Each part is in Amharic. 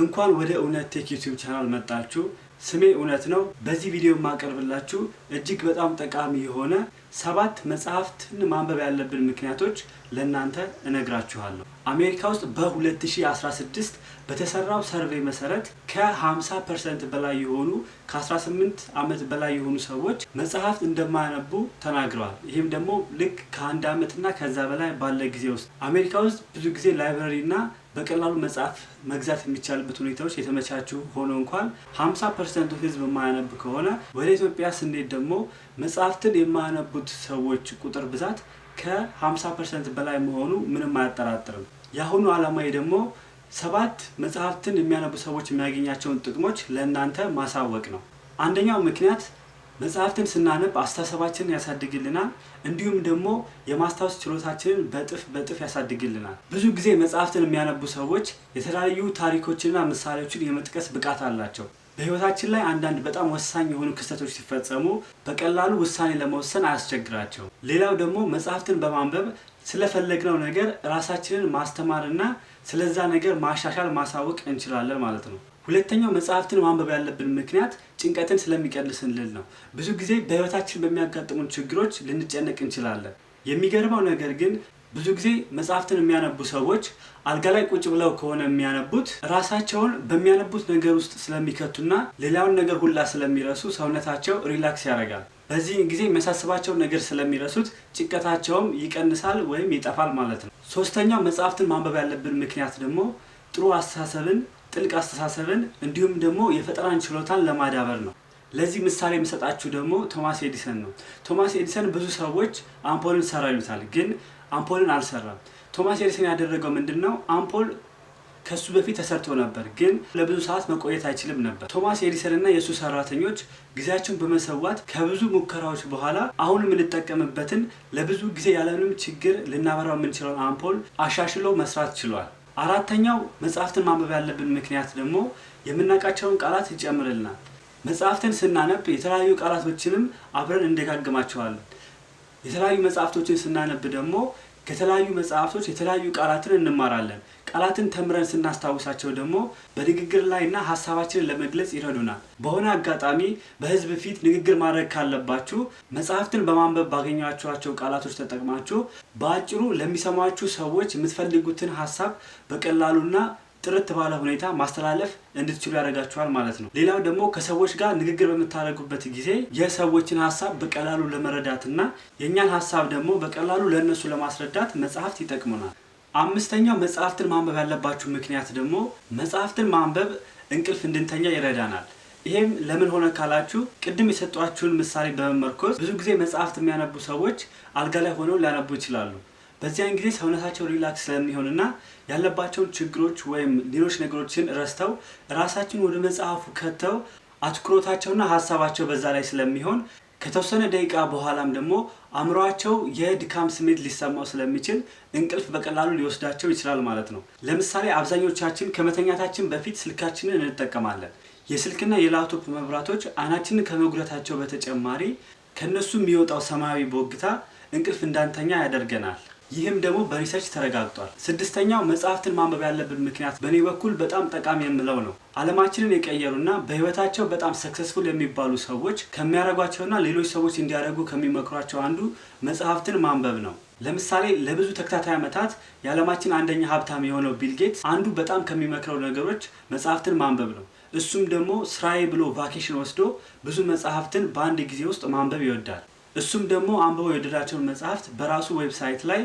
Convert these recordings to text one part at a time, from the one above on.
እንኳን ወደ እውነት ቴክ ዩቲዩብ ቻናል መጣችሁ። ስሜ እውነት ነው። በዚህ ቪዲዮ የማቀርብላችሁ እጅግ በጣም ጠቃሚ የሆነ ሰባት መጽሐፍትን ማንበብ ያለብን ምክንያቶች ለእናንተ እነግራችኋለሁ። አሜሪካ ውስጥ በ2016 በተሰራው ሰርቬ መሰረት ከ50 ፐርሰንት በላይ የሆኑ ከ18 ዓመት በላይ የሆኑ ሰዎች መጽሐፍት እንደማያነቡ ተናግረዋል። ይህም ደግሞ ልክ ከአንድ ዓመትና ከዛ በላይ ባለ ጊዜ ውስጥ አሜሪካ ውስጥ ብዙ ጊዜ ላይብረሪና በቀላሉ መጽሐፍ መግዛት የሚቻልበት ሁኔታዎች የተመቻቹ ሆኖ እንኳን 50 ፐርሰንቱ ህዝብ የማያነብ ከሆነ ወደ ኢትዮጵያ ስንሄድ ደግሞ መጽሐፍትን የማያነቡት ሰዎች ቁጥር ብዛት ከ50 ፐርሰንት በላይ መሆኑ ምንም አያጠራጥርም። የአሁኑ ዓላማዬ ደግሞ ሰባት መጽሐፍትን የሚያነቡ ሰዎች የሚያገኛቸውን ጥቅሞች ለእናንተ ማሳወቅ ነው። አንደኛው ምክንያት መጽሐፍትን ስናነብ አስተሳሰባችንን ያሳድግልናል። እንዲሁም ደግሞ የማስታወስ ችሎታችንን በጥፍ በጥፍ ያሳድግልናል። ብዙ ጊዜ መጽሐፍትን የሚያነቡ ሰዎች የተለያዩ ታሪኮችንና ምሳሌዎችን የመጥቀስ ብቃት አላቸው። በህይወታችን ላይ አንዳንድ በጣም ወሳኝ የሆኑ ክስተቶች ሲፈጸሙ በቀላሉ ውሳኔ ለመወሰን አያስቸግራቸው። ሌላው ደግሞ መጽሐፍትን በማንበብ ስለፈለግነው ነገር ራሳችንን ማስተማርና ስለዛ ነገር ማሻሻል ማሳወቅ እንችላለን ማለት ነው። ሁለተኛው መጽሐፍትን ማንበብ ያለብን ምክንያት ጭንቀትን ስለሚቀንስልን ነው። ብዙ ጊዜ በህይወታችን በሚያጋጥሙን ችግሮች ልንጨነቅ እንችላለን። የሚገርመው ነገር ግን ብዙ ጊዜ መጽሐፍትን የሚያነቡ ሰዎች አልጋ ላይ ቁጭ ብለው ከሆነ የሚያነቡት ራሳቸውን በሚያነቡት ነገር ውስጥ ስለሚከቱና ሌላውን ነገር ሁላ ስለሚረሱ ሰውነታቸው ሪላክስ ያደርጋል። በዚህ ጊዜ የሚያሳስባቸውን ነገር ስለሚረሱት ጭንቀታቸውም ይቀንሳል ወይም ይጠፋል ማለት ነው። ሶስተኛው መጽሐፍትን ማንበብ ያለብን ምክንያት ደግሞ ጥሩ አስተሳሰብን ጥልቅ አስተሳሰብን እንዲሁም ደግሞ የፈጠራን ችሎታን ለማዳበር ነው። ለዚህ ምሳሌ የምሰጣችሁ ደግሞ ቶማስ ኤዲሰን ነው። ቶማስ ኤዲሰን ብዙ ሰዎች አምፖልን ሰራ ይሉታል፣ ግን አምፖልን አልሰራም። ቶማስ ኤዲሰን ያደረገው ምንድን ነው? አምፖል ከሱ በፊት ተሰርቶ ነበር፣ ግን ለብዙ ሰዓት መቆየት አይችልም ነበር። ቶማስ ኤዲሰን እና የእሱ ሰራተኞች ጊዜያቸውን በመሰዋት ከብዙ ሙከራዎች በኋላ አሁን የምንጠቀምበትን ለብዙ ጊዜ ያለምንም ችግር ልናበራው የምንችለውን አምፖል አሻሽሎ መስራት ችሏል። አራተኛው መጽሐፍትን ማንበብ ያለብን ምክንያት ደግሞ የምናውቃቸውን ቃላት ይጨምርልናል። መጽሐፍትን ስናነብ የተለያዩ ቃላቶችንም አብረን እንደጋግማቸዋለን። የተለያዩ መጽሐፍቶችን ስናነብ ደግሞ ከተለያዩ መጽሐፍቶች የተለያዩ ቃላትን እንማራለን። ቃላትን ተምረን ስናስታውሳቸው ደግሞ በንግግር ላይና ሀሳባችንን ለመግለጽ ይረዱናል። በሆነ አጋጣሚ በህዝብ ፊት ንግግር ማድረግ ካለባችሁ መጽሐፍትን በማንበብ ባገኛችኋቸው ቃላቶች ተጠቅማችሁ በአጭሩ ለሚሰማችሁ ሰዎች የምትፈልጉትን ሀሳብ በቀላሉና ጥርት ባለ ሁኔታ ማስተላለፍ እንድትችሉ ያደርጋችኋል ማለት ነው። ሌላው ደግሞ ከሰዎች ጋር ንግግር በምታደርጉበት ጊዜ የሰዎችን ሀሳብ በቀላሉ ለመረዳትና የእኛን ሀሳብ ደግሞ በቀላሉ ለእነሱ ለማስረዳት መጽሐፍት ይጠቅሙናል። አምስተኛው መጽሐፍትን ማንበብ ያለባችሁ ምክንያት ደግሞ መጽሐፍትን ማንበብ እንቅልፍ እንድንተኛ ይረዳናል። ይሄም ለምን ሆነ ካላችሁ ቅድም የሰጧችሁን ምሳሌ በመመርኮዝ ብዙ ጊዜ መጽሐፍት የሚያነቡ ሰዎች አልጋ ላይ ሆነው ሊያነቡ ይችላሉ። በዚያን ጊዜ ሰውነታቸው ሪላክስ ስለሚሆንና ያለባቸውን ችግሮች ወይም ሌሎች ነገሮችን ረስተው ራሳችን ወደ መጽሐፉ ከተው አትኩሮታቸውና ሀሳባቸው በዛ ላይ ስለሚሆን ከተወሰነ ደቂቃ በኋላም ደግሞ አእምሯቸው የድካም ስሜት ሊሰማው ስለሚችል እንቅልፍ በቀላሉ ሊወስዳቸው ይችላል ማለት ነው። ለምሳሌ አብዛኞቻችን ከመተኛታችን በፊት ስልካችንን እንጠቀማለን። የስልክና የላፕቶፕ መብራቶች አይናችንን ከመጉረታቸው በተጨማሪ ከእነሱ የሚወጣው ሰማያዊ ቦግታ እንቅልፍ እንዳንተኛ ያደርገናል። ይህም ደግሞ በሪሰርች ተረጋግጧል። ስድስተኛው መጽሐፍትን ማንበብ ያለብን ምክንያት በእኔ በኩል በጣም ጠቃሚ የምለው ነው። የቀየሩ የቀየሩና በህይወታቸው በጣም ሰክሰስፉል የሚባሉ ሰዎች ከሚያደርጓቸውና ሌሎች ሰዎች እንዲያደርጉ ከሚመክሯቸው አንዱ መጽሐፍትን ማንበብ ነው። ለምሳሌ ለብዙ ተከታታይ ዓመታት የዓለማችን አንደኛ ሀብታም የሆነው ቢል ጌትስ አንዱ በጣም ከሚመክረው ነገሮች መጽሐፍትን ማንበብ ነው። እሱም ደግሞ ስራዬ ብሎ ቫኬሽን ወስዶ ብዙ መጽሐፍትን በአንድ ጊዜ ውስጥ ማንበብ ይወዳል። እሱም ደግሞ አንብበው የወደዳቸውን መጽሐፍት በራሱ ዌብሳይት ላይ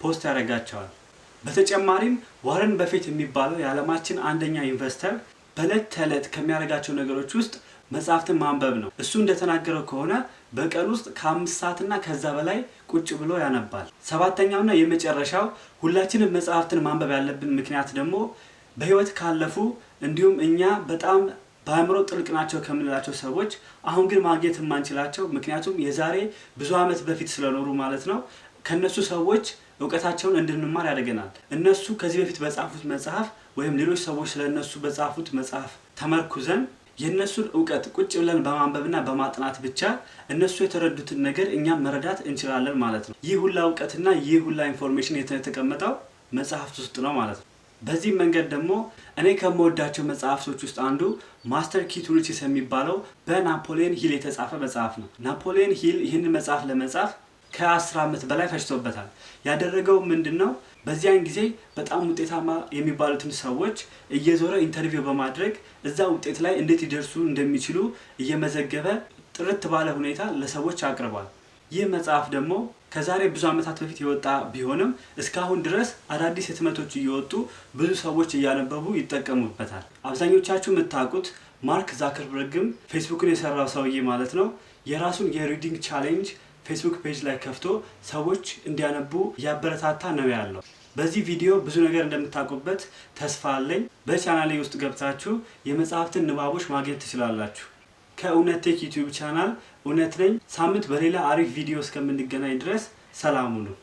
ፖስት ያደርጋቸዋል። በተጨማሪም ዋረን በፊት የሚባለው የዓለማችን አንደኛ ኢንቨስተር በእለት ተዕለት ከሚያደርጋቸው ነገሮች ውስጥ መጽሐፍትን ማንበብ ነው። እሱ እንደተናገረው ከሆነ በቀን ውስጥ ከአምስት ሰዓትና ከዛ በላይ ቁጭ ብሎ ያነባል። ሰባተኛውና የመጨረሻው ሁላችንም መጽሐፍትን ማንበብ ያለብን ምክንያት ደግሞ በህይወት ካለፉ እንዲሁም እኛ በጣም በአእምሮ ጥልቅ ናቸው ከምንላቸው ሰዎች አሁን ግን ማግኘት የማንችላቸው ምክንያቱም የዛሬ ብዙ ዓመት በፊት ስለኖሩ ማለት ነው ከነሱ ሰዎች እውቀታቸውን እንድንማር ያደርገናል። እነሱ ከዚህ በፊት በጻፉት መጽሐፍ ወይም ሌሎች ሰዎች ስለነሱ በጻፉት መጽሐፍ ተመርኩዘን የእነሱን እውቀት ቁጭ ብለን በማንበብና በማጥናት ብቻ እነሱ የተረዱትን ነገር እኛም መረዳት እንችላለን ማለት ነው። ይህ ሁላ እውቀትና ይህ ሁላ ኢንፎርሜሽን የተቀመጠው መጽሐፍት ውስጥ ነው ማለት ነው። በዚህም መንገድ ደግሞ እኔ ከምወዳቸው መጽሐፍቶች ውስጥ አንዱ ማስተር ኪ ሪችስ የሚባለው በናፖሊየን ሂል የተጻፈ መጽሐፍ ነው። ናፖሊየን ሂል ይህንን መጽሐፍ ለመጻፍ 1 ዓመት በላይ ፈጅቶበታል። ያደረገው ምንድን ነው? በዚያን ጊዜ በጣም ውጤታማ የሚባሉትን ሰዎች እየዞረ ኢንተርቪው በማድረግ እዛ ውጤት ላይ እንዴት ሊደርሱ እንደሚችሉ እየመዘገበ ጥርት ባለ ሁኔታ ለሰዎች አቅርቧል። ይህ መጽሐፍ ደግሞ ከዛሬ ብዙ ዓመታት በፊት የወጣ ቢሆንም እስካሁን ድረስ አዳዲስ ህትመቶች እየወጡ ብዙ ሰዎች እያነበቡ ይጠቀሙበታል። አብዛኞቻችሁ የምታውቁት ማርክ ዛከርበርግም ፌስቡክን የሰራው ሰውዬ ማለት ነው የራሱን የሪዲንግ ቻሌንጅ ፌስቡክ ፔጅ ላይ ከፍቶ ሰዎች እንዲያነቡ እያበረታታ ነው ያለው። በዚህ ቪዲዮ ብዙ ነገር እንደምታውቁበት ተስፋ አለኝ። በቻናሌ ውስጥ ገብታችሁ የመጽሐፍትን ንባቦች ማግኘት ትችላላችሁ። ከእውነት ቴክ ዩቲዩብ ቻናል እውነት ነኝ። ሳምንት በሌላ አሪፍ ቪዲዮ እስከምንገናኝ ድረስ ሰላሙ ነው።